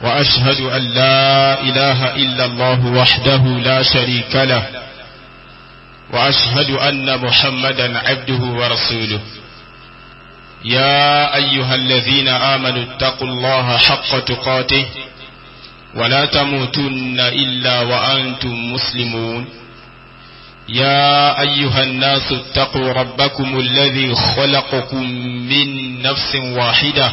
وأشهد أن لا إله إلا الله وحده لا شريك له وأشهد أن محمدا عبده ورسوله يا أيها الذين آمنوا اتقوا الله حق تقاته ولا تموتن إلا وأنتم مسلمون يا أيها الناس اتقوا ربكم الذي خلقكم من نفس واحدة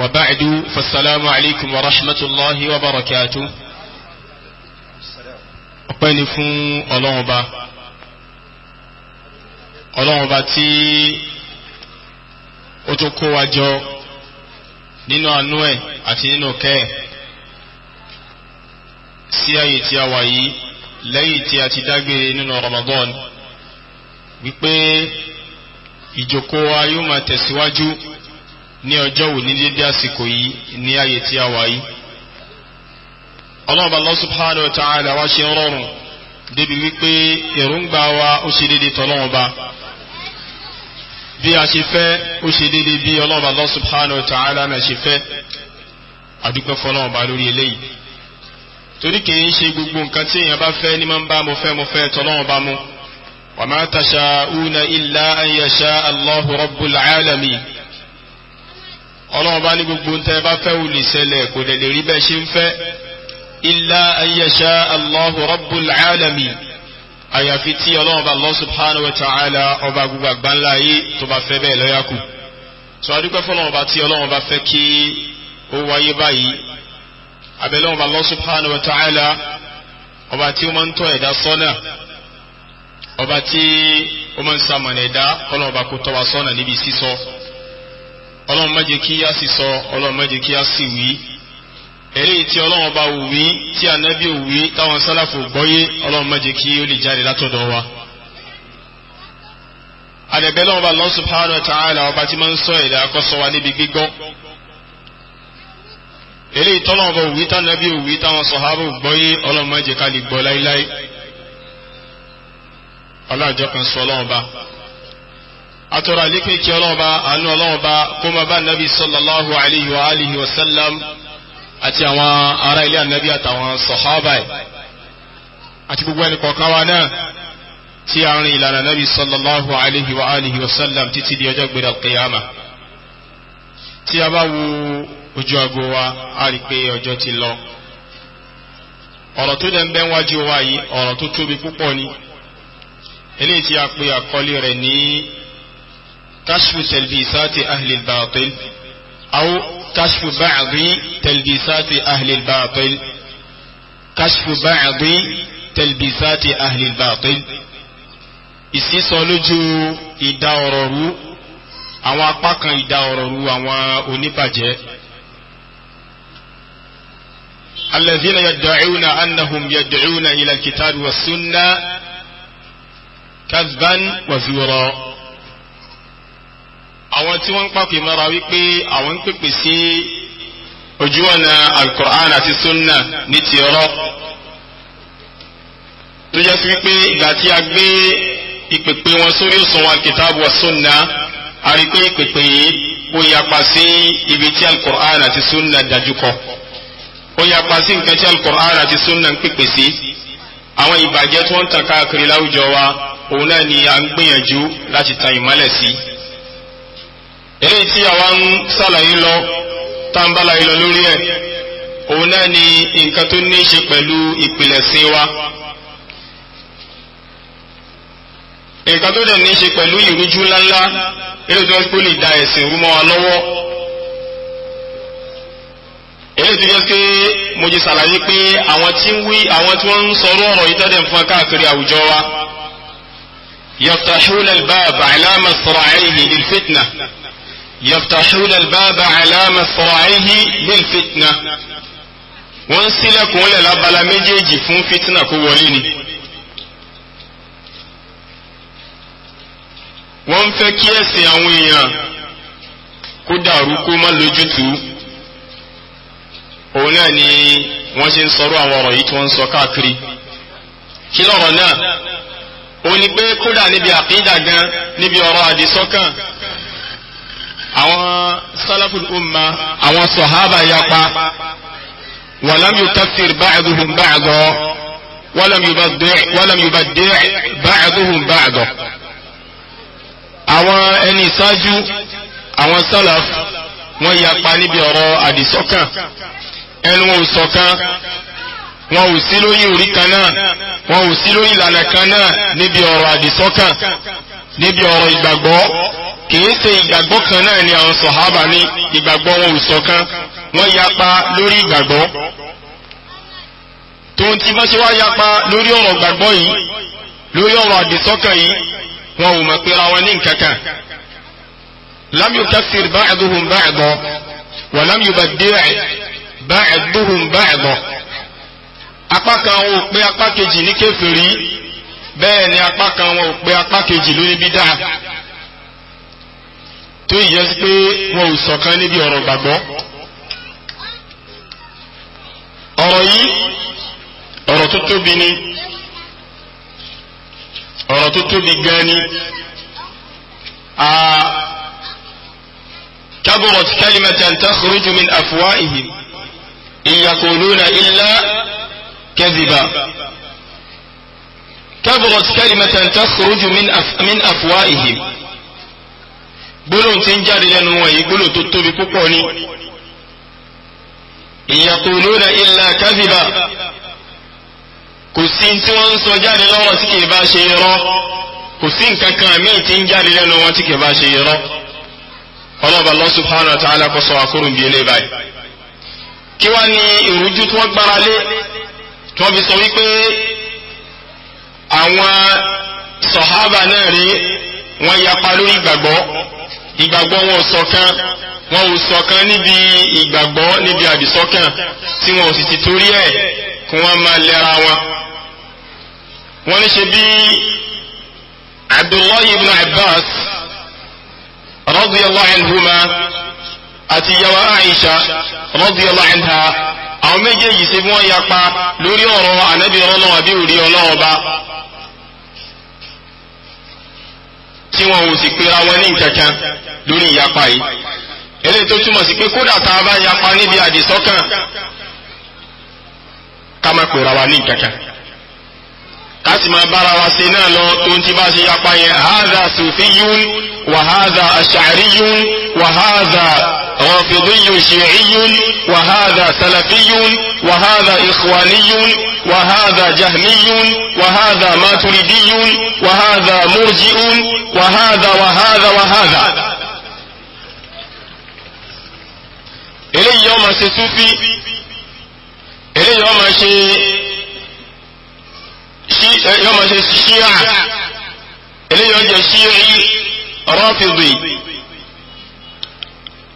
وبعد فالسلام عليكم ورحمة الله وبركاته ọpẹ́ni fún ọlọ́run ọba ọlọ́run ọba tí ó tó kó wa jọ nínú àánú ẹ̀ àti nínú kẹ́ ẹ̀ sí ààyè tí a wà yìí lẹ́yìn tí a ti dágbére nínú Ramadan wípé ìjókòó wa yóò máa tẹ̀síwájú. Si ní ọjọ́ wò ní dédé àsìkò yìí ní ayé tí a wà yìí ọlọ́ọ̀bà Allah subhanahu wa ta'ala wá ṣe ń rọrùn débi wípé èròǹgbà wa ó ṣe dédé tọ́lọ́ọ̀ba bí a ṣe fẹ́ ó ṣe dédé bí ọlọ́ọ̀bà Allah subhanahu wa ta'ala náà ṣe fẹ́ àdúpẹ́ fọlọ́ọ̀ba lórí eléyìí torí kìí ṣe gbogbo nǹkan tí èèyàn bá fẹ́ ní máa ń bá mo fẹ́ mo fẹ́ tọ́lọ́ọ̀ba mu wa ma tasha'una illa an yasha Allahu rabbul alamin ọlọ́run bá ní gbogbo ń tẹ́ bá fẹ́ ò lè ṣẹlẹ̀ kò dẹ̀ lè rí bẹ́ẹ̀ ṣe ń fẹ́ illa an yasha Allahu rabbul alamin àyàfi tí ọlọ́run bá Allah subhanahu wa ta'ala ọba gbogbo àgbáńlá ayé tó bá fẹ́ bẹ́ẹ̀ lọ́yà kù sọ adúpẹ́ fọlọ́run bá tí ọlọ́run bá fẹ́ kí ó wáyé báyìí abẹ́lọ́run bá Allah subhanahu wa ta'ala ọba tí ó máa ń tọ́ ẹ̀dá sọ́nà ọba tí ó máa ń ṣamọ̀nà ẹ̀dá ọlọ́run bá kó tọ́ wa sọ́nà níbi sísọ ọlọ́run má jẹ́ kí a sì sọ ọlọ́run má jẹ́ kí a sì wí eléyìí tí ọlọ́run bá wù wí tí ànábì ò wí táwọn sálàfò gbọ́yé ọlọ́run má jẹ́ kí ó lè jáde látọ̀dọ̀ wa. àdẹ̀bẹ́ lọ́wọ́ bá Allah subhanahu wa ta'ala ọba tí máa ń sọ èdè àkọ́sọ wa níbi gbígbọ́. eléyìí tọ́lọ́run bá wù tànábì ò wí táwọn sọ̀hábà ò gbọ́yé ọlọ́run má jẹ́ ká lè gbọ́ láíláí. ọlọ́run àjọ kan sọ ọlọ́run bá atọ́rọ àlékè kí ọlọ́ọ̀ba àánú ọlọ́ọ̀ba kó máa bá nàbí sallallahu alayhi wa alihi wa sallam àti àwọn ará ilé ànábì àtàwọn sọ̀hábà ẹ̀ àti gbogbo ẹnì kọ̀ọ̀kan wa náà tí a rìn ìlànà nàbí sallallahu alayhi wa alihi wa sallam títí di ọjọ́ gbèrè al-qiyama tí a bá wo ojú ago wa a rí pé ọjọ́ ti lọ ọ̀rọ̀ tó dẹ̀ ń bẹ wájú wa yìí ọ̀rọ̀ tó tóbi púpọ̀ ni eléyìí tí a pe àkọlé rẹ̀ ní كشف تلبيسات أهل الباطل أو كشف بعض تلبيسات أهل الباطل كشف بعض تلبيسات أهل الباطل إسي صلوجو إدارورو أو أباكا إدارورو أو أونيباجة الذين يدعون أنهم يدعون إلى الكتاب والسنة كذبا وزورا àwọn tí wọ́n ń pàpè mọ́ra wípé àwọn ń pèpè sí ojú ọ̀nà alukur'an àti sunna ní ti ọ̀rọ̀ tó jẹ́ sí wípé ìgbà tí a gbé ìpèpè wọn sórí òṣùwọ̀n kìtàbù wa sunna a rí pé ìpèpè yìí ó yapa sí ibi tí alukur'an àti sunna dájú kọ ó yapa sí nǹkan tí alukur'an àti sunna ń pèpè sí àwọn ìbàjẹ́ tí wọ́n ń tàn káàkiri láwùjọ wa òun náà ni à ń gbìyànjú láti tan ìmọ́lẹ̀ sí i eléyìí tí àwa ń sàlàyé lọ tá ń bàlàyé lọ lórí ẹ̀ òun náà ni nǹkan tó ní í ṣe pẹ̀lú ìpìlẹ̀sìn wa nǹkan tó dẹ̀ ní í ṣe pẹ̀lú ìrújú ńláńlá eléyìí tó ń pè lè da ẹ̀sìn rú mọ́ wa lọ́wọ́ èyí ti jẹ́ pé mo ti ṣàlàyé pé àwọn tí ń wí àwọn tí wọ́n ń sọ̀rọ̀ ọ̀rọ̀ yìí tọ́lẹ̀ ń fún káàkiri àwùjọ wa yaftahuna al-bab ala man sara'ayhi lil يفتحون الباب على مصراعيه للفتنة wọ́n ṣílẹ̀kùn lẹ̀ lábala méjèèjì fún fitna kó wọlé ni wọ́n fẹ́ kí ẹ̀sìn àwọn èèyàn kó dàrú kó má lójútùú òun náà ni wọ́n ṣe ń sọ̀rọ̀ àwọn ọ̀rọ̀ yìí tí wọ́n ń sọ káàkiri kí lọ̀rọ̀ náà ó ní pé kódà níbi àkídà gan níbi ọ̀rọ̀ àdìsọ́kàn àwọn salaful umma àwọn sọ̀hábà yapa walam yukaffir ba'duhum ba'da walam yubaddi' walam yubaddi' ba'duhum ba'da. àwọn ẹni ìsáájú àwọn salaf wọ́n yapa níbi ọ̀rọ̀ àdìsọ́kàn ẹnu wọn ò ṣọ̀kan wọn ò sí lórí orí kan náà wọn ò sí lórí ìlànà kan náà níbi ọ̀rọ̀ àdìsọ́kàn níbi ọ̀rọ̀ ìgbàgbọ́. kìí ṣe ìgbàgbọ́ kan náà ni àwọn sọ̀hábà ní ìgbàgbọ́ wọn ò sọ̀kan wọ́n yapa lórí ìgbàgbọ́ tóun tí wọ́n ṣe wá yapa lórí ọ̀rọ̀ gbàgbọ́ yìí lórí ọ̀rọ̀ àdìsọ́kàn yìí wọn ò mọ̀ pé ra wọn ní nǹkan kan lam yukaffir bá ba'da wa lam yubaddi' ba'duhum ba'da apá kan wọn ò pé apá kejì ní kèfèrí bẹ́ẹ̀ ni apá kan wọn ò pé apá kejì lórí bídà. tó ìyẹn sí pé wọn ò ṣọ̀kan níbi ọ̀rọ̀ gbàgbọ́ ọ̀rọ̀ yìí ọ̀rọ̀ tó tóbi ni ọ̀rọ̀ tó tóbi gan ni kaburat kalimatan takhruju min afwahihim in yaquluna illa kadhiba kaburat kalimatan takhruju min afwahihim gbólóhùn tí ń jáde lẹ́nu wọn yìí gbólóhùn tó tóbi púpọ̀ ni ìyàkùnúnà ilà kádìbà kò sí tí wọ́n ń sọ jáde lọ́rọ̀ tí kìí bá ṣe irọ́ kò sí nǹkan kan míì tí ń jáde lẹ́nu wọn tí kìí bá ṣe irọ́ ọlọ́ba Allah subhanahu wa ta'ala àkórùn bíi eléyìí báyìí kí wá ní ìrújú tí wọ́n gbára lé tí wọ́n fi sọ wípé àwọn sọ̀hábà náà rí wọ́n yapa lórí ìgbàgbọ́ ìgbàgbọ́ wọn ò ṣọ̀kan wọn ò ṣọ̀kan níbi ìgbàgbọ́ níbi àdìsọ́kàn tí wọn ò sì ti torí ẹ̀ kí wọ́n máa lẹ́ra wọn. wọ́n ní ṣe bí Abdullahi ibn Abbas radiyallahu anhuma àti yawa Aisha radiyallahu anha àwọn méjèèjì ṣe bí wọ́n yapa lórí ọ̀rọ̀ ànábì ọlọ́wọ́ àbí òrí ọlọ́wọ́ tí wọn ò sì pera wọn ní nǹkankan lórí ìyapa yìí eléyìí tó túmọ̀ sí pé kódà tá a bá yapa níbi àdìsọ́kàn ká má pera wa ní nǹkankan kásì máa bára wa ṣe náà lọ tó ń ti bá ṣe yapa yẹn haza sufiyun wa haza ash'ariyun wa haza rafidiyun shi'iyun wa haza salafiyun wa haza ikhwaniyun wa haza jahmiyun wa haza maturidiyun wa haza murji'un wa haza wa haza wa haza. eléyìí ọmọ ṣe sufi eléyìí ọmọ ṣe. Eh, yọ ma ṣe ṣíà eléyìí ó jẹ ṣíì rọ́fìdì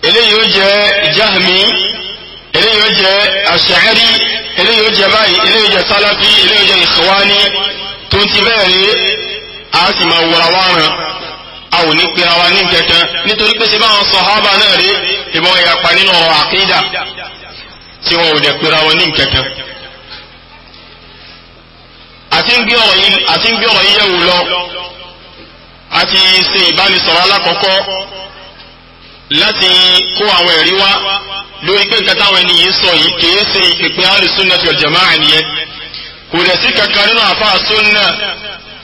eléyìí ó jẹ jahmi eléyìí ó jẹ aṣáárì eléyìí ó jẹ báyìí eléyìí ó jẹ sálàfí eléyìí ó jẹ ìṣọwání tó ti bẹ́ẹ̀ rí a sì máa wọra wá ràn a ò ní pera wa ní kẹkẹ nítorí pé ṣe báwọn náà rí ìbọn ìyapa nínú ọ̀rọ̀ àkídà tí wọn ò dẹ̀ pera wọn ní kẹkẹ àti ń gbé ọ̀rọ̀ yìí yẹ̀wò lọ àti ṣe ìbánisọ̀rọ̀ alákọ̀ọ́kọ́ láti kó àwọn ẹ̀rí wá lórí pé nǹkan táwọn ẹni yìí sọ yìí kìí ṣe ìpè alùsùnà tí ọ̀jẹ̀ máa nìyẹn kò dẹ̀ sí kankan nínú àfáà súnà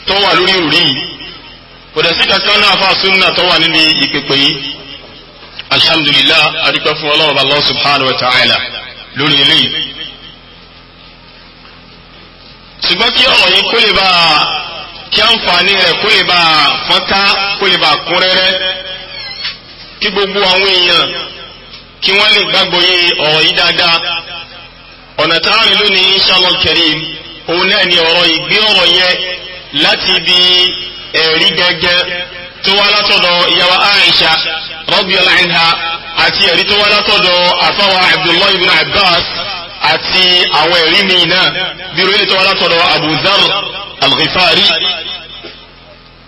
tó wà lórí òrí yìí kò dẹ̀ sí kankan nínú àfáà súnà tó wà níbi ìpèpè yìí alhamdulillah adúpẹ́ fún ọlọ́run Allah subhanahu wa ta'ala lórí eléyìí ṣùgbọ́n kí ọ̀rọ̀ yìí kó lè bá a kí àǹfààní rẹ̀ kó lè bá a fọ́nká kó lè bá a kún rẹ́rẹ́ kí gbogbo àwọn èèyàn kí wọ́n lè gbàgbọ́ yé ọ̀rọ̀ yìí dáadáa ọ̀nà táwọn ìlú ní inshallah karim òun náà ni ọ̀rọ̀ ìgbé ọ̀rọ̀ yẹn láti ibi ẹ̀rí gẹ́gẹ́ tó wá látọ̀dọ̀ ìyàwó Aisha radiyallahu anha àti ẹ̀rí tó wá látọ̀dọ̀ àfáwà Abdullahi ibn Abbas àti àwọn ẹ̀rí mi náà bí ròyìn tó wá látọ̀dọ̀ Abu Dharr al-Ghifari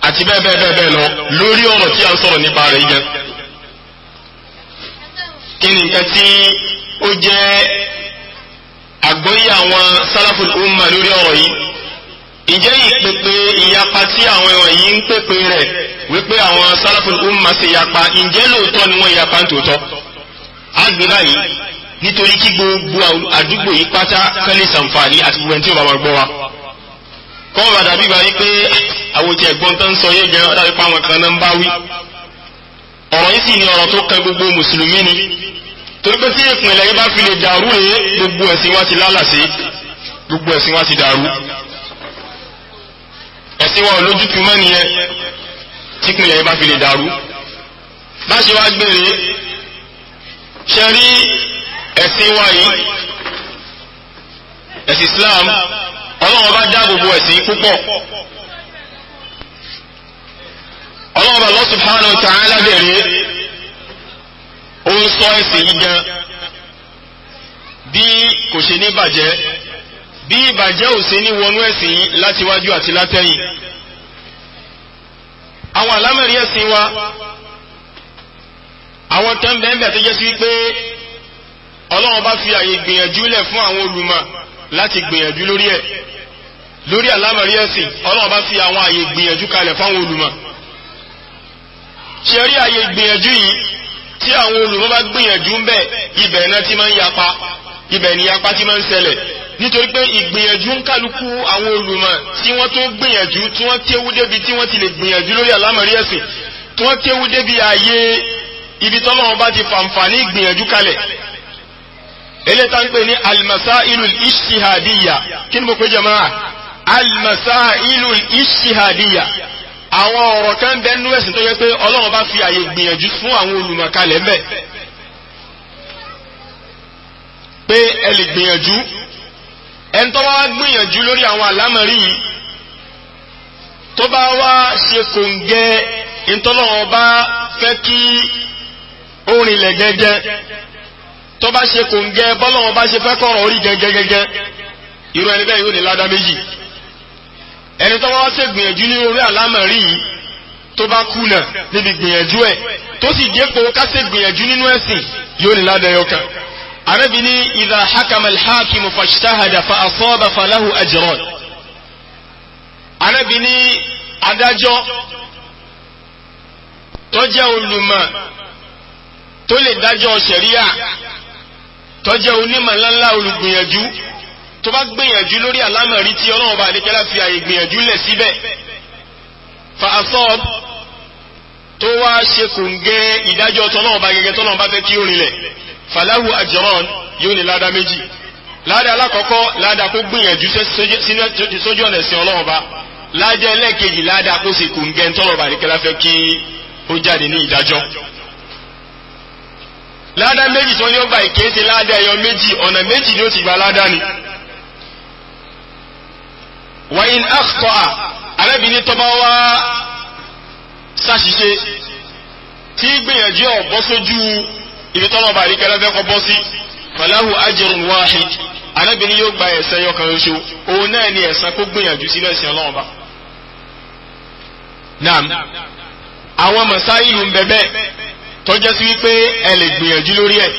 àti bẹ́ẹ̀ bẹ́ẹ̀ bẹ́ẹ̀ bẹ́ẹ̀ lọ lórí ọ̀rọ̀ tí a ń sọ̀rọ̀ nípa rẹ̀ yẹn kí ni nǹkan tí ó jẹ́ àgbọ́yé àwọn sálàfù umma lórí ọ̀rọ̀ yìí ǹjẹ́ ìpèpè ìyapa tí àwọn ẹ̀wọ̀n yìí ń pèpè rẹ̀ wípé àwọn sálàfù umma ṣe yapa ǹjẹ́ lóòótọ́ ni wọ́n yapa ń tòótọ́ nítorí kí gbogbo àdúgbò yìí pátá kán lè sàǹfààní àti gbogbo ẹni tí ó bá máa gbọ́ wa kọ́ bá dàbí báyìí pé àwọn tí ẹ̀gbọ́n tó ń sọ yé gan dàbí pa àwọn kan náà ń bá wí ọ̀rọ̀ yìí sì ni ọ̀rọ̀ tó kan gbogbo mùsùlùmí ni torí pé tí ìpínlẹ̀ yìí bá fi lè dàrú rèé gbogbo ẹ̀sìn wa ti lálàsí gbogbo ẹ̀sìn wa ti dàrú ẹ̀sìn wa ò lójútu mọ́ ẹ̀sìn wa yìí ẹ̀sìn Islam ọlọ́run bá já gbogbo ẹ̀sìn púpọ̀ ọlọ́run bá Allah subhanahu wa ta'ala bẹ̀rẹ̀ ó ń sọ ẹ̀sìn yìí gan bí kò ṣe ní bàjẹ́ bí ìbàjẹ́ ò sí ní wọnú ẹ̀sìn yìí látiwájú àti látẹ̀yìn àwọn àlámẹ̀rí ẹ̀sìn wa àwọn tẹ́ńbẹ́ńbẹ́ tó jẹ́ wípé ọlọ́run bá fi àyè gbìyànjú lẹ̀ fún àwọn olùmọ̀ láti gbìyànjú lórí ẹ̀ lórí àlámọ̀rí ẹ̀sìn ọlọ́run bá fi àwọn àyè gbìyànjú kalẹ̀ fún àwọn olùmọ̀ ṣe rí àyè gbìyànjú yìí tí àwọn olùmọ̀ bá gbìyànjú ń bẹ̀ ibẹ̀ náà ti máa ń yapa ibẹ̀ ni yapa ti máa ń ṣẹlẹ̀ nítorí pé ìgbìyànjú ń kálukú àwọn olùmọ̀ tí wọ́n tó gbìyànjú tí wọ́n téwú débi tí wọ́n ti lè gbìyànjú lórí àlámọ̀rí ẹ̀sìn tí wọ́n téwú débi àyè ibi tọ́lọ́run bá ti fàǹfààní ìgbìyànjú kalẹ̀ eléta ń pè ní almasailu ishihadiya kí ni mo pè jama'a almasailu ishihadiya àwọn ọ̀rọ̀ kan bẹ́ẹ̀ nú ẹ̀sìn tó yẹ pé ọlọ́run bá fi àyè gbìyànjú fún àwọn olùmọ̀kalẹ̀ ń bẹ̀ pé ẹ lè gbìyànjú ẹni tó bá wá gbìyànjú lórí àwọn àlámọ̀rí yìí tó bá wá ṣe kòǹgẹ́ ìtọ́lọ́run bá fẹ́ kí ó rinlẹ̀ gẹ́gẹ́ tó bá ṣe kò ń gẹ bọ́lọ́wọ́n bá ṣe fẹ́ kọ̀rọ̀ orí gẹ́gẹ́gẹ́gẹ́ irú ẹni bẹ́ẹ̀ yóò ní ládá méjì ẹni tó wá ṣe gbìyànjú ní orí àlámọ̀rí yìí tó bá kùnà níbi gbìyànjú ẹ̀ tó sì dépò ká ṣe gbìyànjú nínú ẹ̀sìn yóò ní ládá ẹyọ kan àrẹ́bí ní ìdá hakama alhakimu fashtahada fa asaba falahu ajran àrẹ́bí ní adájọ́ tó jẹ́ tó lè dájọ́ ṣẹ̀ríà tó jẹ́ onímọ̀ ńláńlá olùgbìyànjú tó bá gbìyànjú lórí àlámọ̀rí tí ọlọ́run bá àdékẹ́lá fi àyè gbìyànjú lẹ̀ síbẹ̀ fa asọ́ọ̀b tó wá ṣe kò ń gẹ ìdájọ́ tọ́lọ́run bá gẹ́gẹ́ tọ́lọ́run bá fẹ́ kí ó rinlẹ̀ falahu ajran yóò ní ládàá méjì ládàá alákọ̀ọ́kọ́ ládàá kó gbìyànjú sójú ọ̀nà ẹ̀sìn ọlọ́run bá ládàá ẹlẹ́ẹ̀kejì ládàá kó ṣe kò ń gẹ tọ́lọ́run bá àdékẹ́lá fẹ́ kí ó jáde ní ìdájọ́ ládá méjì tó ní ó gba ìkéèsè ládá ẹyọ méjì ọ̀nà méjì ni ó ti gba ládá ni wàyín àkọ́à arábìnrin tọ́ba wá ṣàṣìṣe tí gbìyànjú ọ̀ bọ́ sójú ibi tọ́lọ̀ bá rí kẹlẹ́ fẹ́kọ̀ bọ́ sí falahu ajrun wahid arábìnrin yóò gba ẹ̀san ẹyọ kan ṣoṣo òun náà ni ẹ̀san kó gbìyànjú sílẹ̀ sí ọlọ́run bá. àwọn masáìlú ń bẹ bẹ́ẹ̀ tó jẹ́ sí wípé ẹ lè gbìyànjú lórí ẹ̀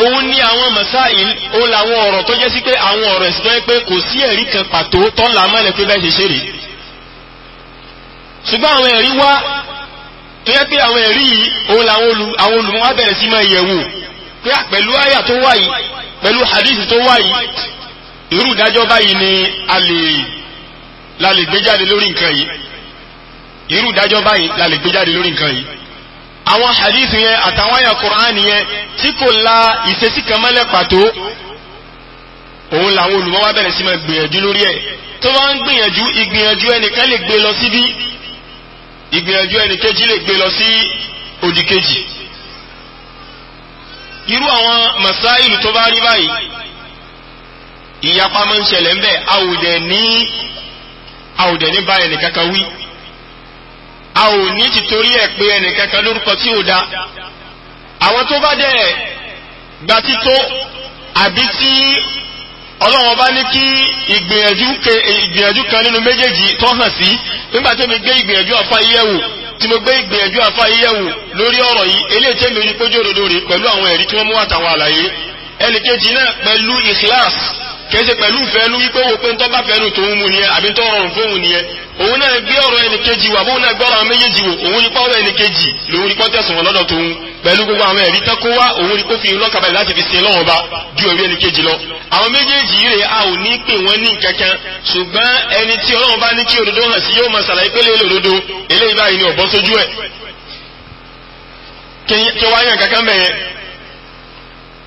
òun ní àwọn masáyìn ó làwọn ọ̀rọ̀ tó sí pé àwọn ọ̀rọ̀ ẹ̀sìn tó pé kò sí ẹ̀rí kan pàtó tó ń la mọ́lẹ̀ pé bẹ́ẹ̀ ṣe ṣe rèé ṣùgbọ́n àwọn ẹ̀rí wá tó yẹ pé àwọn ẹ̀rí yìí òun làwọn olùmọ̀ wá bẹ̀rẹ̀ sí máa yẹ̀wò pé pẹ̀lú àyà tó wà yìí pẹ̀lú hadith tó wà yìí irú ìdájọ́ báyìí ni a lè gbé jáde lórí nǹkan yìí irú ìdájọ́ báyìí la lè gbé jáde lórí nǹkan yìí àwọn hadith yẹn àtàwọn àyà Qur'an yẹn tí kò la ìṣesí kan mọ́lẹ̀ pàtó òun làwọn olùmọ̀ wa bẹ̀rẹ̀ sí máa gbìyànjú lórí ẹ̀ tó bá ń gbìyànjú ìgbìyànjú ẹnìkan lè gbé lọ síbí ìgbìyànjú ẹnìkejì lè gbé lọ sí òdì kejì irú àwọn masáìlù tó bá rí báyìí ìyapa máa ń ṣẹlẹ̀ ń bẹ̀ àwùdẹ̀ ní àwùdẹ̀ ní báyìí nìkankan wí a ò ní ti torí ẹ̀ pé ẹnìkankan lórúkọ tí ò da àwọn tó bá dẹ̀ gba tító àbí tí ọlọ́wọ́n bá ní kí ìgbìyànjú kan nínú méjèèjì tó hàn sí nígbà tó mi gbé ìgbìyànjú àfa iyẹ̀wò tí mo gbé ìgbìyànjú àfa iyẹ̀wò lórí ọ̀rọ̀ yìí eléyìí tẹ́mi orí pójú òdodo rè pẹ̀lú àwọn ẹ̀rí tí wọ́n mú àtàwọn àlàyé ẹnìkejì náà pẹ̀lú ìkíláàsì kèése pẹ̀lú ìfẹ́nu wípé wo pé ń tọ́ba fẹ́nu tòun mu nìyẹn àbí ń tọ́ ọrùn fóun nìyẹn òun náà gbé ọ̀rọ̀ ẹnì kejì wò àbóun náà gbé ọ̀rọ̀ méjèèjì wò òun ipá ọ̀rọ̀ ẹnì kejì lòun ipá tẹ̀sán wọn lọ́dọ̀ tòun pẹ̀lú gbogbo àwọn ẹ̀rí tán kó wá òun ipó fi lọ́kàbalẹ̀ láti fi sin lọ́wọ́n ba ju ẹ̀rí ẹnì kejì lọ. àwọn méjèèjì yìí rè a ò ní pè wọ́n ní kankan ṣùgbọ́n ẹni tí Ọlọ́run bá ní kí òdodo hàn sí yóò máa ṣàlàyé pé lè lòdodo eléyìí báyìí ni ọ̀bọ sójú ẹ̀ kí wáyàn kankan bẹ̀yẹn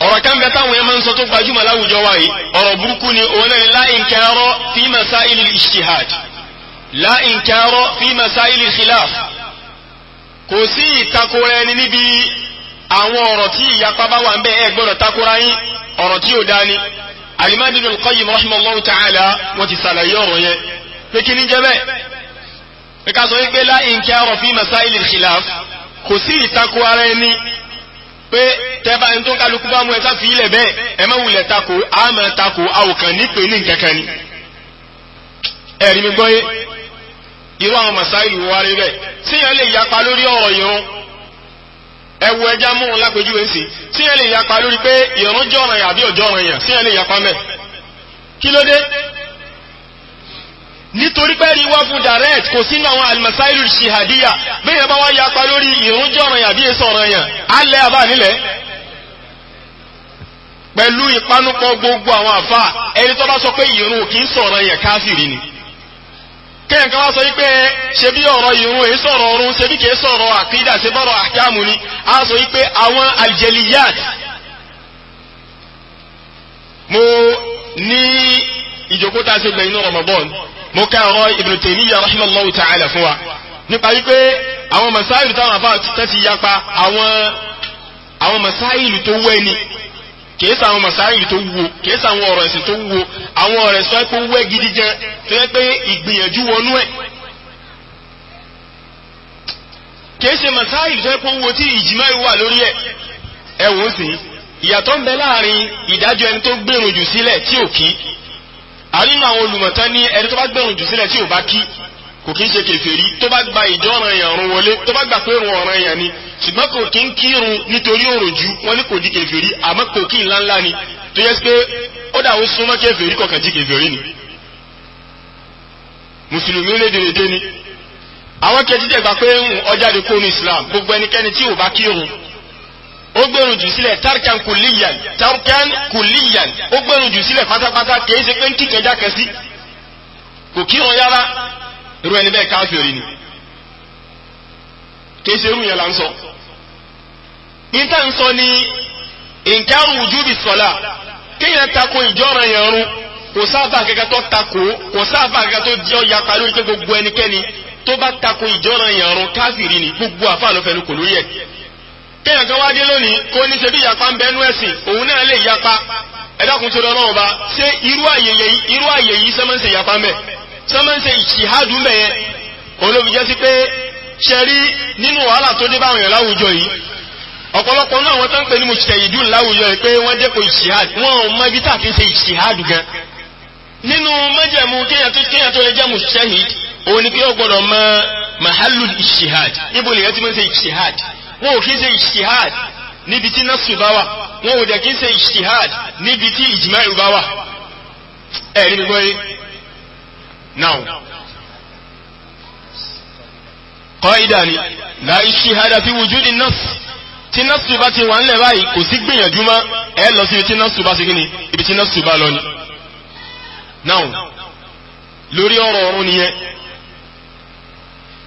ọ̀rọ̀ kan bẹ táwọn ẹmọ ń sọ tó gbajúmọ̀ láwùjọ wa yìí ọ̀rọ̀ burúkú ni òun náà ni láì nkẹ́rọ́ fi masáìlì ìṣtihad láì nkẹ́rọ́ fi masáìlì khilaf kò sí ìtakora ẹni níbi àwọn ọ̀rọ̀ tí ìyapa bá wà ń bẹ ẹ gbọ́dọ̀ takora yín ọ̀rọ̀ tí ò dá ni alimadi bin qayyim wọ́n ti sàlàyé ọ̀rọ̀ yẹn pé kí ni jẹ́ bẹ́ẹ̀ pé tẹ́bá ẹni tó ń kálukú bá mú ẹ sáfi ilẹ̀ bẹ́ẹ̀ ẹ má wulẹ̀ takò á má àwòkàn nípe ní nkankan ni. ẹ̀rí mi gbọ́ yé irú àwọn masáìlì wo rí bẹ́ẹ̀ síyẹn lè yapa lórí ọ̀rọ̀ ìrun ẹwu ẹja mú un lápèjúwe lè nítorí pé rí wá fún direct kò sínú àwọn alimasailu shihadiya bẹ́ẹ̀ bá wá yapa lórí ìrúnjẹ́ ọ̀ràn yàbí èso ọ̀ràn yàn alẹ́ àbá nílẹ̀ pẹ̀lú ìpanupọ̀ gbogbo àwọn àfa ẹni tó bá sọ pé ìrún kì í sọ̀ràn yàn káfìrí ni kẹ́ǹkan wá sọ wípé ṣe bí ọ̀rọ̀ ìrún èyí sọ̀rọ̀ ọ̀run ṣe bí kìí sọ̀rọ̀ àkídà ṣe bọ́rọ̀ àkíámù ni a sọ wípé àwọn aljeliyat mo ní ìjókòó tá a ṣe gbẹ̀yìn náà Ramadan mo ká ọ̀rọ̀ Ibn Taymiyyah rahimahullahu ta'ala fún wa nípa wípé àwọn masáìlù táwọn àbá tẹ́tí yapa àwọn àwọn masáìlù tó wẹ́ ni kìí sàwọn masáìlù tó wúwo kìí sàwọn ọ̀rọ̀ ẹ̀sìn tó wúwo àwọn ọ̀rọ̀ ẹ̀sìn tó wẹ́ gidi gan tó yẹ pé ìgbìyànjú wọnú ẹ̀ kìí ṣe masáìlù tó yẹ pé owó tí ìjìmá wà lórí ẹ̀ ẹ̀wọ̀n sì ìyàtọ̀ ń bẹ láàrin ìdájọ́ ẹni tó gbèrò jù sílẹ̀ tí ò kí àrínú àwọn olùmọ̀tán ní ẹni tó bá gbẹ̀rùn jù sílẹ̀ tí ò bá kí kò kí ń ṣe kèfèrí tó bá gba ìjọ ọ̀ràn yẹn rún wọlé tó bá gbà pé rún ọ̀ràn yẹn ni ṣùgbọ́n kò kí ń kírun nítorí òròjú wọn ní kò di kèfèrí àmọ́ kò kí ńlá ńlá ni tó yẹ pé ó dà ó súnmọ́ kèfèrí kọ̀ọ̀kan jí kèfèrí ni mùsùlùmí lédèrèdè ni àwọn kejì dẹ̀ gbà pé ń ọjáde kó ní Islam gbogbo ẹnikẹ́ni tí ò bá kírun ó gbẹ̀rùn jù sílẹ̀ tarkan kuliyan tarkan kuliyan ó gbẹ̀rùn jù sílẹ̀ pátápátá kìí ṣe pé ń kí kẹjá kẹsí kò kírun yára irú ẹni bẹ́ẹ̀ káfíìrì ni kìí ṣe irú yẹn là ń sọ níta ń sọ ni nkaru wujubi sọlá kéèyàn tako ìjọra yẹn rún kò sáfà kẹkẹ tó tako kò sáfà kẹkẹ tó jẹ́ ọ̀yà pariwo pé gbogbo ẹnikẹ́ni tó bá tako ìjọra yẹn rún káfíìrì ni gbogbo àfa kéèyàn kan wá dé lónìí kó ní ṣe bí ìyapa ń bẹnu ẹ̀sìn òun náà lè yapa ẹ dákun tó lọ́wọ́ ba ṣé irú àyè yìí irú àyè yìí sẹ́mọ́nsẹ̀ yapa ń bẹ̀ sẹ́mọ́nsẹ̀ ìṣìhádùn bẹ̀ yẹn olóbi jẹ́ sí pé ṣe rí nínú wàhálà tó dé báwọn èèyàn láwùjọ yìí ọ̀pọ̀lọpọ̀ náà wọ́n tán pè ní mùsùlùmí láwùjọ yìí pé wọ́n dẹ́kọ̀ ìṣìhádù wọn ò mọ a wọn ò kí ń ṣe ijtihad níbi tí nasu bá wà wọn ò dẹ̀ kí ń ṣe ijtihad níbi tí ijma'u bá wà ẹ̀rí mi gbọ́yé now qaida ni la ijtihada fi wujudi nas tí nasu bá ti wà ńlẹ̀ báyìí kò sí gbìyànjú mọ́ ẹ lọ sí tí nasu bá sí kí ni ibi tí nasu bá lọ ni now lórí ọ̀rọ̀ ọ̀run nìyẹn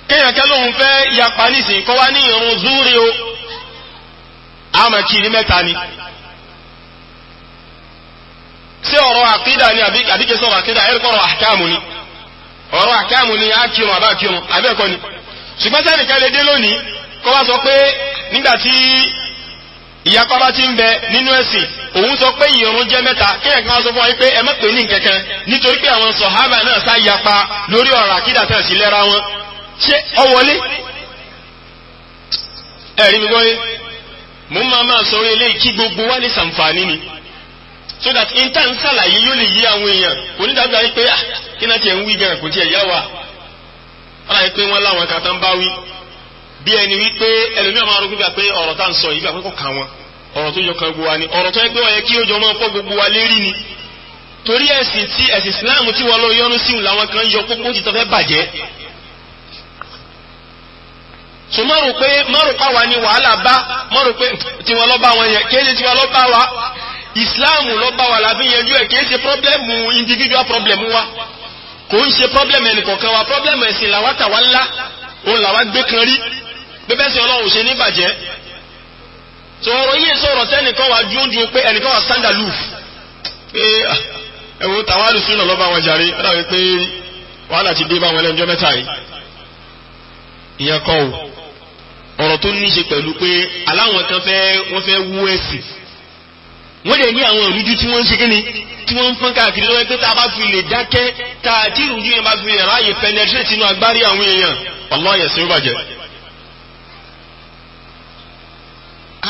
kéèyàn kẹ́ lóun fẹ́ yapa nísìnyí kọ́ wá ní irun zúrí o àmọ́ kí ní mẹ́ta ni ṣé ọ̀rọ̀ àkídà ni àbíkẹ́ sọ̀rọ̀ àkídà ẹ̀rí kọ́ ọ̀rọ̀ àkáàmù ni ọ̀rọ̀ àkáàmù ni á kírun àbá kírun àbẹ́ẹ̀kọ́ ni ṣùgbọ́n sẹ́ni kẹ́ dé lónìí kọ́ wá sọ pé nígbà tí ìyapa bá ti ń bẹ nínú ẹ̀sìn òun sọ pé ìrun jẹ́ mẹ́ta kéèyàn kan sọ fún wa pé wọn ṣe ọwọlé ẹ̀rí mi gbọ́yé mo máa máa sọ orí kí gbogbo wa lè ṣàǹfààní ni so that in tá ṣàlàyé yóò lè yí àwọn èèyàn onídàájọ́ àyè ah kí náà tiẹ̀ ń wí gan kò tiẹ̀ yá wa wọ́n láyé pé wọ́n láwọn kan tán bá wí n sọ yìí gbà pé kò kàn wọ́n ọ̀rọ̀ tó yọ kan gbogbo wa ni ọ̀rọ̀ tó yẹ pé wọ́n kí ó jọ máa gbogbo wa lérí ni torí ẹ̀sìn tí ẹ̀sìn sinamu tí wọ́n lọ làwọn kan yọ pópó ti tọ́ fẹ́ so má rò pé má rò pàwà ni wàhálà bá má rò pé tiwọn lọ bá wọn yẹn kéde tiwọn lọ bá wa ìsìláàmù lọ bá wa làbí yẹn ju ẹ kéde pọ́blẹ́mù individual pọ́blẹ́mù wa kò ń ṣe pọ́blẹ́mù ẹnìkọ̀ọ̀kan wa pọ́blẹ́mù ẹ̀sìn làwa tà wá ńlá òun làwa gbé kan rí bẹ́ẹ̀ sọ ọlọ́run ṣe ní bàjẹ́ so ọ̀rọ̀ yìí sọ̀rọ̀ sẹ́nìkan wa ju oúnjẹ pé ẹnìkan wa stand aloof pé ah, ẹ̀wọ̀n tàwa lùsùn náà lọ bá wọn jàre wọ́n dàbí pé wàhálà ti dé bá ìyẹn kọ́ o ọ̀rọ̀ tó ní ṣe pẹ̀lú pé aláwọn kan fẹ́ wọ́n fẹ́ wú ẹ̀sìn wọ́n dẹ̀ ní àwọn ìrújú tí wọ́n ń ṣe kí ni tí wọ́n ń fọ́n káàkiri lọ́wọ́ pé tá a bá fi lè dákẹ́ tá a tí ìrújú yẹn bá fi lè ráàyè penetrate inú agbárí àwọn èèyàn ọlọ́ yẹn sí bàjẹ́.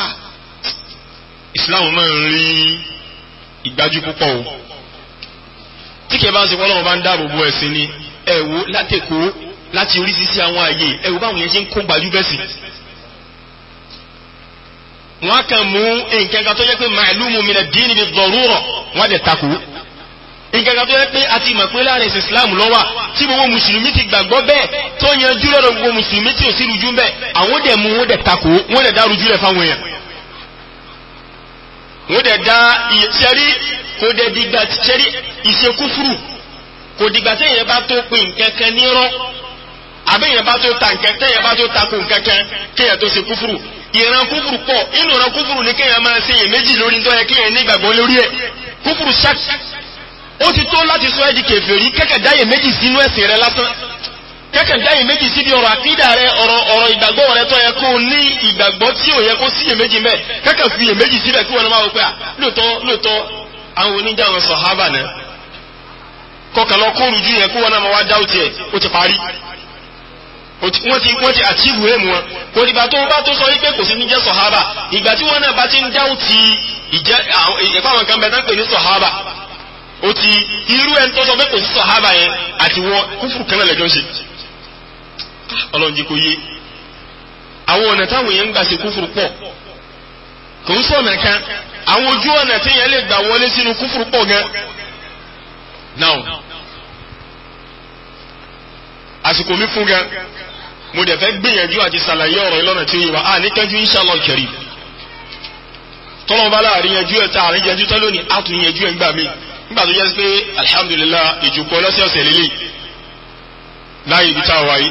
Ah, Islam máa ń rí ìgbájú púpọ̀ o tí kìí bá ń ṣe pọ́nlọ́wọ́ bá ń dáàbò bo ẹ̀sìn ni ẹ̀wò látẹ̀kọ́ láti orí sísí àwọn àyè ẹ̀wò báwọn yẹn ṣe ń kó gbájú bẹ́sìn wọ́n kàn mú nǹkan kan tó yẹ pé màálùmù mi nà dín ní dọ̀rúrọ̀ wọ́n dẹ̀ takò nǹkan kan tó yẹ pé àti ìmọ̀ pé láàrin ìsìn islam lọ́wà tí gbogbo mùsùlùmí ti gbàgbọ́ bẹ́ẹ̀ tó yanjú lọ́dọ̀ gbogbo mùsùlùmí tí ò sí rújú bẹ́ẹ̀ àwọn dẹ̀ mú wọ́n dẹ̀ takò wọ́n dẹ̀ dá rújú rẹ̀ fáwọn èèyàn wọ́n dẹ̀ dá ìṣẹ́rí kò dẹ̀ dìgbà ṣẹ́rí ìṣekúfúrù kò dìgbà tẹ́yìn bá tó pin ìran kúfùrù pọ̀ inú ìran kúfùrù ní kéèyàn máa ṣe èméjì lórí tó yẹ kéèyàn ní ìgbàgbọ́ lórí ẹ̀ kúfùrù o ó ti tó láti sọ ẹ́ di kẹ́kẹ̀ dáyè méjì sínú ẹ̀sìn rẹ lásán kẹ́kẹ̀ dáyè méjì síbi ọ̀rọ̀ àkídà rẹ ọ̀rọ̀ ọ̀rọ̀ ìgbàgbọ́ rẹ tó kó ní ìgbàgbọ́ tí ò yẹ kó sí èméjì mẹ́ kẹ́kẹ̀ fi èméjì síbẹ̀ kí wọ́n máa wọ pé ah, wọ́n ti wọ́n ti àtìwù èèmù wọn kò dìgbà tó bá tó sọ wípé kò sí ní jẹ́ sọ̀hábà ìgbà tí wọ́n náà bá ti ń dáhùn ti ìjẹ́ ìpáwọn kan bẹ̀rẹ̀ pè ní sọ̀hábà ó ti irú ẹni tó sọ pé kò sí sọ̀hábà yẹn àti wọn kúfù kan náà lẹ́jọ́ ṣe ah, ọlọ́run jí kò yé àwọn ọ̀nà táwọn yẹn ń gbà ṣe kúfù pọ̀ kò ń sọ̀nà kan àwọn ojú ọ̀nà àsìkò mi fún gan mo dẹ̀ fẹ́ gbìyànjú àti ṣàlàyé ọ̀rọ̀ ìlọ́nà tí ó yẹ wa a ní kẹ́jú inshallah kẹrì tọ́lọ́mọba láàrin yanjú ẹ̀ tá àrin yanjú tán lónìí a tún yanjú ẹ̀ ńgbà mí nígbà tó yẹ pé alhamdulillah ìjòkó ọlọ́sẹ̀ọ̀sẹ̀ lélẹ̀ láyé ibi tá a wáyé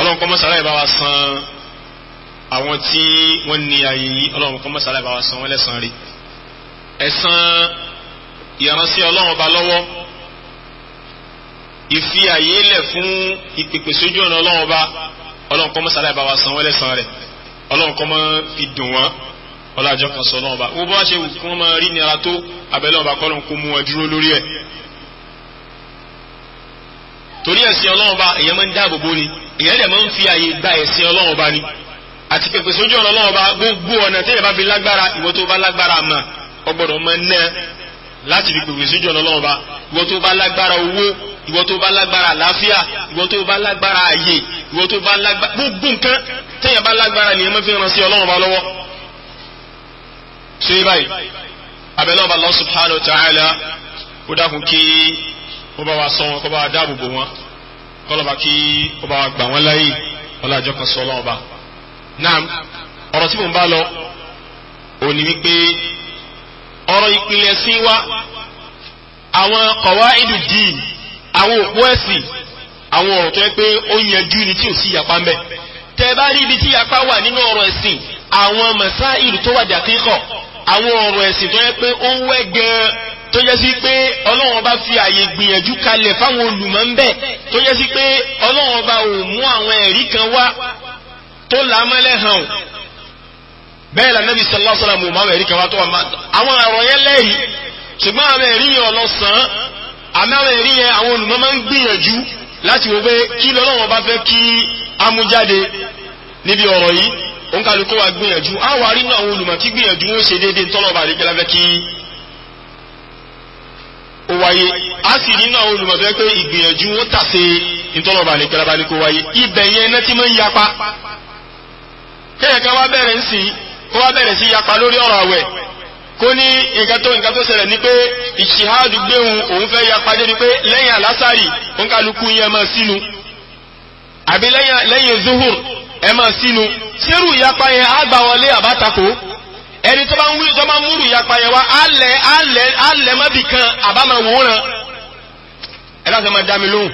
ọlọ́run kọ́ mọ́sálá ìbá wa san àwọn tí wọ́n ní ayé yìí ọlọ́run kọ́ mọ́sálá ìbá wa san wọ́n lẹ́san rí ẹ̀san ìyànà sí ọlọ́run ọba lọ́wọ́ ìfi àyè lẹ̀ fún ìpèpè sójú ọ̀nà ọlọ́run ọba ọlọ́run kọ́ mọ́ sálẹ̀ bá wa san wọ́n lẹ́sàn rẹ̀ ọlọ́run kọ́ mọ́ fi dùn wọ́n ọlọ́jọ́ kan sọ ọlọ́run ọba wọ́n bá ṣe wù kí wọ́n máa rí nira tó abẹ́lẹ́ ọba kọ́ lóun kó mú wọn dúró lórí ẹ̀ torí ẹ̀sìn ọlọ́run ọba èèyàn máa ń dáàbò bò ni èèyàn dẹ̀ máa ń fi àyè gba ẹ̀sìn ọlọ́run ọba ni àti pèpè sójú ọ̀nà ọlọ́run ọba gbogbo ọ̀nà tẹ́lẹ̀ bá fi lágbára ìwọ tó bá lágbára mà ọgbọ́dọ̀ máa ná láti fi gbègbè sójú ọ̀nà ọlọ́run ba ìwọ tó bá lágbára owó ìwọ tó bá lágbára àlàáfíà ìwọ tó bá lágbára ààyè ìwọ tó bá lágbára gbogbo nǹkan téèyàn bá lágbára nìyẹn máa fi ọlọ́run ba lọ́wọ́. ṣé báyìí abẹ́lẹ́ ọba Allah subhanahu wa ta'ala ó dákun kí ó bá wa sọ wọn kó bá wa dáàbò bò wọn kọlọba kí ó bá wa gbà wọn láyè ọlọ́jọ́ kan sọ ọlọ́run bá ọ̀rọ̀ ìpìlẹ̀ sí wa àwọn kọ̀wáìdù dín àwọn òpó ẹ̀sìn àwọn ọ̀rọ̀ tó yẹ pé ó yanjú ni tí ò sí ìyapa ń bẹ tẹ bá rí ibi tí ìyapa wà nínú ọ̀rọ̀ ẹ̀sìn àwọn masáìlù tó wà dàkíkọ̀ àwọn ọ̀rọ̀ ẹ̀sìn tó yẹ pé ó wẹ́ gan-an tó yẹ sí pé ọlọ́run bá fi àyè gbìyànjú kalẹ̀ fáwọn olùmọ̀ ń bẹ tó yẹ sí pé ọlọ́run bá ò mú àwọn ẹ̀rí kan wá tó làmọ́lẹ̀ hàn bẹ́ẹ̀ lànàbí sallallahu alaihi wasallam máa ẹ̀rí kẹwàá tó wà máa àwọn ọ̀rọ̀ yẹn lẹ́yìn ṣùgbọ́n àwọn ẹ̀rí yẹn ọlọ́sàn àmì àwọn ẹ̀rí yẹn àwọn olùmọ̀ máa ń gbìyànjú láti wò pé kí lọ́lọ́wọ́ bá fẹ́ kí amújáde níbi ọ̀rọ̀ yìí òun kálukú wa gbìyànjú á wà rí àwọn olùmọ̀ tí gbìyànjú wọn ṣe déédéé tọ́lọ́ba àdékẹ́ láfẹ́ kí ó wáyé sì rí àwọn olùmọ̀ tó yẹ pé ìgbìyànjú wọn tàsé ìtọ́lọ́ba àdékẹ́ lábẹ́ kó wáyé ibẹ̀ yẹn náà ti máa ń yapa kẹ́yẹ̀ká wá bẹ̀rẹ̀ ń sìn kó wá bẹ̀rẹ̀ sí yapa lórí ọ̀rọ̀ àwẹ̀ kó ní nǹkan tó nǹkan tó ṣẹlẹ̀ ni pé ìṣìhádù gbéhùn òun fẹ́ yapa débi pé lẹ́yìn àlásàrì òun kálukú yẹn máa sínu àbí lẹ́yìn zuhur ẹ máa sínu sírù yapa yẹn á gbà wọlé àbátakò ẹni tó bá ń wúlò tó bá ń múrù yapa yẹn wá alẹ́ alẹ́ alẹ́ mọ́bì àbámọ̀ wòóràn ẹ láti máa dá mi lóhùn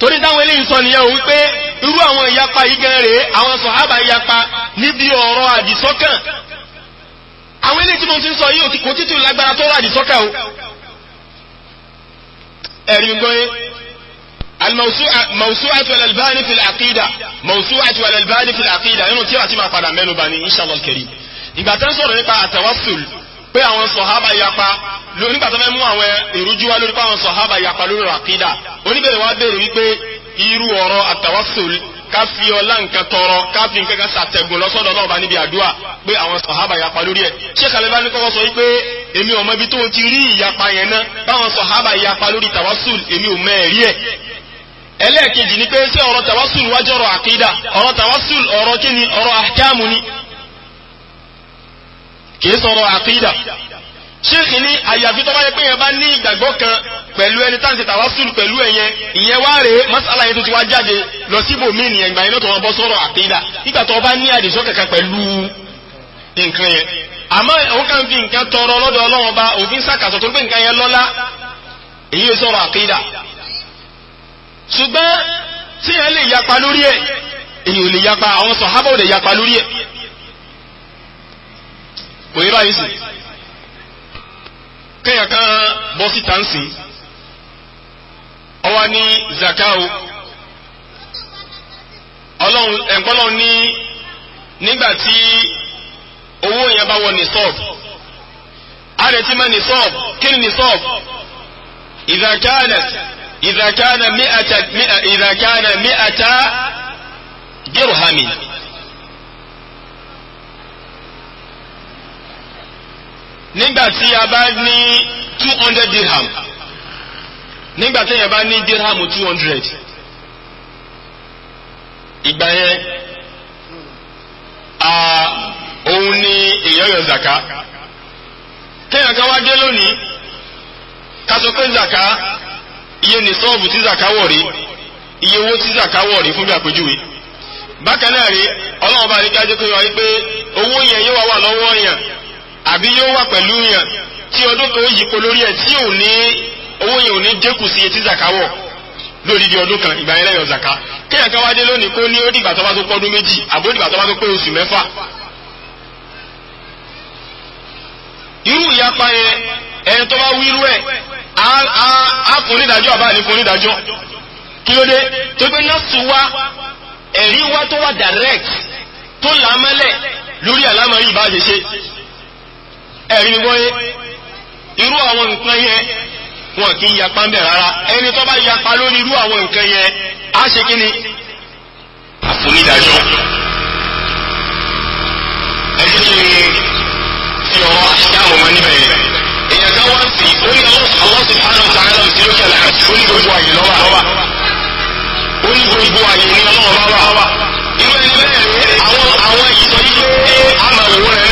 torí táwọn eléyìí sọ nìyẹn òun pé irú àwọn ìyapa yìí gan rèé àwọn sọ̀hábà ìyapa níbi ọ̀rọ̀ àdìsọ́kàn àwọn eléyìí tí mo ti ń sọ yìí kò títù lágbára tó rọ àdìsọ́kàn o ẹ̀rí gbọ́yé al-mawsu'atu al-albani fil aqida mawsu'atu al-albani fil aqida nínú tí wàá ti máa padà mẹ́nu bá ní inshallah al-karim ìgbà tán sọ̀rọ̀ nípa àtawassul pé àwọn sọ̀hábà yapa nígbà tó fẹ́ mú àwọn ìrújú wá lórí pé àwọn sọ̀hábà yapa lórí àkídà oníbèrè wa béèrè wípé irú ọ̀rọ̀ àtàwásùl ká fi ọlá nǹkan tọrọ ká fi nǹkan kan ṣàtẹ̀gùn lọ́sọ̀dọ̀ náà bá níbi àdúrà pé àwọn sọ̀hábà yapa lórí ẹ̀ Sheikh Albani kọ́kọ́ sọ wípé èmi ò mọ ibi tó o ti rí ìyapa yẹn náà báwọn sọ̀hábà yapa lórí tàwásùl èmi ò mọ ẹ̀rí ẹ̀ ẹlẹ́ẹ̀kejì ni pé ṣé ọ̀rọ̀ tàwásùl wájú ọ̀rọ̀ àkídà ọ̀rọ̀ tàwásùl ọ̀rọ̀ kíni ọ̀rọ̀ àkáàmù ni kìí sọ̀rọ̀ àkídà ṣéèkì ní àyàfi tó bá yẹ pé yẹn bá ní ìgbàgbọ́ kan pẹ̀lú ẹni táǹtì tàwa sùúrù pẹ̀lú ẹ̀yẹn ìyẹn wá rèé masala yẹn tó ti wá jáde lọ síbò mí nìyẹn gbà yẹn lọ́tọ̀ wọn bọ́ sọ̀rọ̀ àkídà nígbà tó bá ní àdìsọ́ kankan pẹ̀lú nǹkan yẹn àmọ́ òun kàn fi nǹkan tọrọ lọ́dọ̀ Ọlọ́run bá òfin sàkàsọ̀ tó gbé nǹkan yẹn lọ́lá kò yí báyìí sí kéèyàn kan bọ́ síta ń sìn ọwọ́ ní zakao ọlọ́run ẹ̀ńpọ́lọ́run ní nígbà tí owó yẹn bá wọ ní sọ́ọ̀bù àrètí mọ́ ní sọ́ọ̀bù kí ni ní sọ́ọ̀bù ìzàkánà ìzàkánà míàtà míàtà dirhamin. nígbà tí a bá ní two hundred dirham nígbà tí a bá ní dirham two hundred ìgbà yẹn òun ni èèyàn zaka kéèyàn kan wá dé lónìí ká sọ pé zaka iye ní tí zaka wọ̀ rí iye owó tí zaka wọ̀ rí fún bí àpèjúwe bákan náà rí ọlọ́run bá rí pé wọ́n owó àbí yóò wà pẹ̀lú yàn tí ọdún kan yípo lórí ẹ̀ tí ò ní owó yẹn ò ní dínkù sí etí zakawọ̀ lórí di ọdún kan ìgbà yẹn lẹ́yọ̀ zaka kéèyàn kan wá dé lónìí kó ní ó dìgbà tó bá tó pọ́dún méjì àbó dìgbà tó bá tó pé oṣù mẹ́fà. irú ìyapa yẹn ẹni tó bá wí irú ẹ̀ á fún onídàájọ́ àbá ní fún onídàájọ́ kí ló dé tó gbé nọ́ọ̀sì wá ẹ̀rí wá tó wà direct tó làmọ́lẹ̀ lórí àlámọ̀rí ìbáṣeṣe ẹ̀rí wọ́yé irú àwọn nǹkan yẹn wọn kì í yapa ń bẹ̀ rárá ẹni tó bá yapa lórí irú àwọn nǹkan yẹn á ṣe kí ni àfúnídàájọ́ ẹni kí ni fi ọ̀rọ̀ àṣìdáhùn wọn níbẹ̀ yẹn èèyàn kan wọ́n sì ó ní Allah subhanahu wa ta'ala sí lókè àlàáṣì ó ní gbogbo àyè lọ́wọ́ ó ní gbogbo àyè ní ọlọ́wọ́ bá wà irú àwọn àwọn ìsọyí pé àmàwò rẹ̀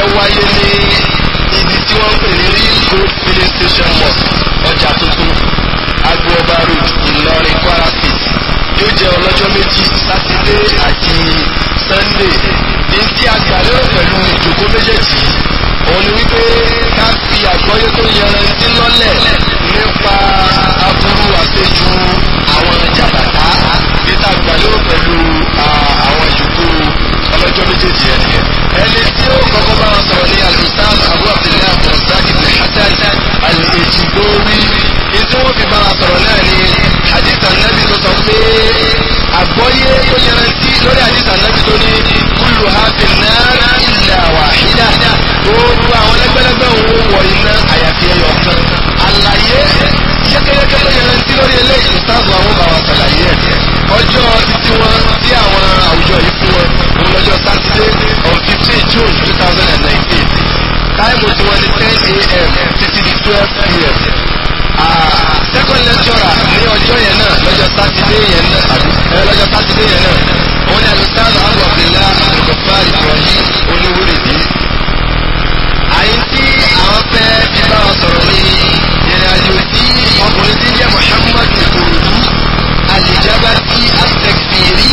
yẹn wáyé ní ibi tí wọ́n pè ní ríkò filling station mosque ọjà tuntun agbóọba road ìlọrin kwara state yóò jẹ́ ọlọ́jọ́ méjì sátidé àti sunday ní tí a gbàlérò pẹ̀lú ìjókòó méjèèjì òun ni wípé ká fi àgbọ́yé tó yanrantí lọ́lẹ̀ nípa aburú àṣejù àwọn jàbàtà títà gbàlérò pẹ̀lú àwọn ìjókòó ọlọ́jọ́ méjèèjì yẹn nìyẹn. ẹni tí ó kọ́kọ́ bá wọn sọ̀rọ̀ ní al-ustaz abu abdullahi abdulrasaq ibn hasan al-ejidori ètò wọn fi bá wọn sọ̀rọ̀ náà ní hadith anabi tó sọ pé àgbọ́yé tó yanrantí lórí hadith anabi tó ní kullu hafin náírà illa wahida gbogbo àwọn lẹ́gbẹ́lẹ́gbẹ́ òun wọ iná àyàfi ẹyọ kan àlàyé yẹ́kẹ́yẹ́kẹ́ ló sí lórí eléyìí sáàbù àwọn bàbá ṣàlàyé ẹ̀ ọjọ́ títí wọn sí àwọn àwùjọ yìí fún wọn òun lọ́jọ́ sátidé on fifteen june two thousand and nineteen táìmù tí wọ́n ní ten a.m. títí di twelve p.m. second lecturer ní ọjọ́ yẹn náà lọ́jọ́ sátidé yẹn náà lọ́jọ́ sátidé yẹn náà òun ni alùpàdé àbọ̀ fìlà àlùkọ̀fà ìbọ̀yìn oníwúrìdì àyíntí àwọn fẹ́ bí báwọn sọ̀rọ̀ ní ọkùnrin tí ń jẹ́ Muhammad ìkòròdú àlìjábá tí àtẹ̀kìrì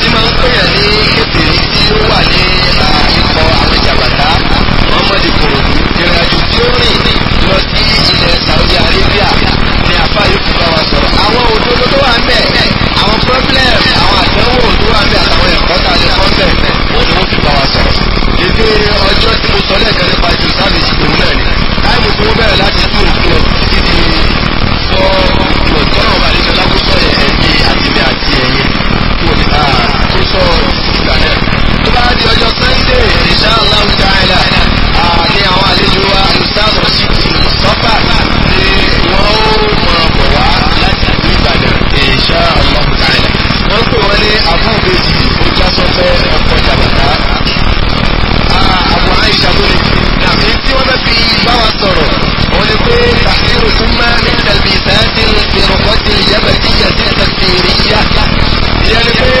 tí máa ń pèyàn ní kékeré tí ó wà ní ikọ̀ àlìjàbàtà Muhammad ìkòròdú ìrìnàjò tí ó rìn lọ sí ilẹ̀ Saudi Arabia ní àfà yòókù bá wa sọ̀rọ̀ àwọn òdodo tó wà ń bẹ̀ àwọn problem àwọn àdánwò tó wà ń bẹ̀ àtàwọn ẹ̀kọ́ tá a lè kọ́ bẹ̀ òun ni wọ́n fi bá wa sọ̀rọ̀ èdè ọjọ́ tí mo sọ lẹ́ẹ̀kan nípa ìjọsáàbì ìṣòro náà ni táìmù tí wọ́n bẹ̀rẹ̀ láti two o'clock títí di four o'clock tọ́nà ọba àlejò lágúsọ yẹn ẹ̀yìn àtìmí àti ẹ̀yìn kò ní à tó sọ ìgbà náà. tó bá di ọjọ́ Sunday insha Allah ta'ala ní àwọn àlejò wa alùsáàlù ọ̀ṣìkì sọ́fà ni wọ́n ó mọ̀ràn pọ̀ wá láti àti Ìbàdàn insha Allah ta'ala. wọ́n pè wọ́n ní abúgbèjì ojásọ́fẹ́ ọkọ̀ jàbàtà àbọ̀ wọ́n bẹ fi bá wa sọ̀rọ̀ òun ni pé tàbíru súnmọ́ nígbà bíi sáyẹ́tì ìrọ̀kọ́tì yẹ́bẹ̀tíyẹ̀ sí tẹ̀síìrì yá. ìyẹn ni pé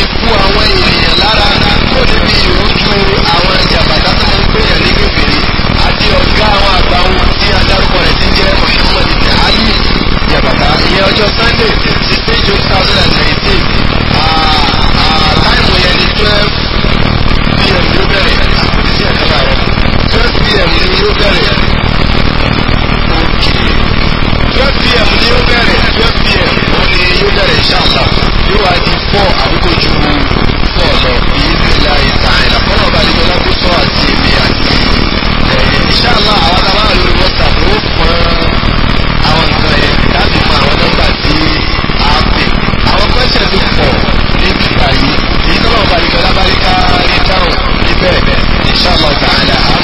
ìkú àwọn ènìyàn lára kó níbi ìrújú àwọn ìjàmbá tó máa ń gbéyàn ní kékeré àti ọ̀gá àwọn àgbà wọn tí adarúkọ rẹ̀ ti jẹ́ Muhammad Ali jabata ìyẹn ọjọ́ Sunday sixteen June two thousand and nineteen táìmù yẹn ni twelve pm ló bẹ̀rẹ̀ ni ó bẹ̀rẹ̀ twelve ni ó bẹ̀rẹ̀ twelve pm ó ní yóò bẹ̀rẹ̀ yóò wá di four àbíkó ju lọ èyí ti la ìta ìlà kọ́nà ọba àdìgbò lápò sọ àti èmi àti ẹ̀yìn ṣáàlà àwọn tábà lórí whatsapp ó pọn àwọn nǹkan ẹ̀ láti mọ àwọn nọ́mbà tí a pè àwọn kọ́ṣẹ̀ tó pọ̀ níbi ìgbà yìí èyí tọ́lọ̀ ọba àdìgbò lábáríkà rí dáhùn níbẹ̀ ìṣàlọ̀ tààlà á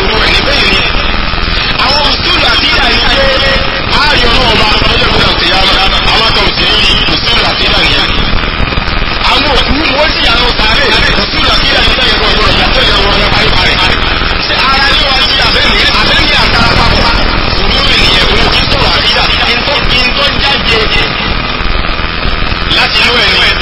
òun rẹ̀ ní bẹ́ẹ̀ yẹn. àwọn òṣùlù àtìyà ni pé ààrẹ ọlọ́run bá lọ́jọ́ ìgbà òkèèyàn àwọn àtọ̀ òṣèlú òṣùlù àtìyà nìyẹn. àwọn òkú wọ́n ti yàrá òtàrẹ́ òṣùlù àtìyà ni bẹ́ẹ̀ gbọ́dọ̀ yàtọ̀ ìyàwó ọ̀rẹ́ paríparí. ṣé ara ni wọ́n ti àbẹ́ni àbẹ́ni àkàrà pápá òun ènìyàn òun kí sọ̀rọ̀ àríyá kí n tó jáde láti lóyún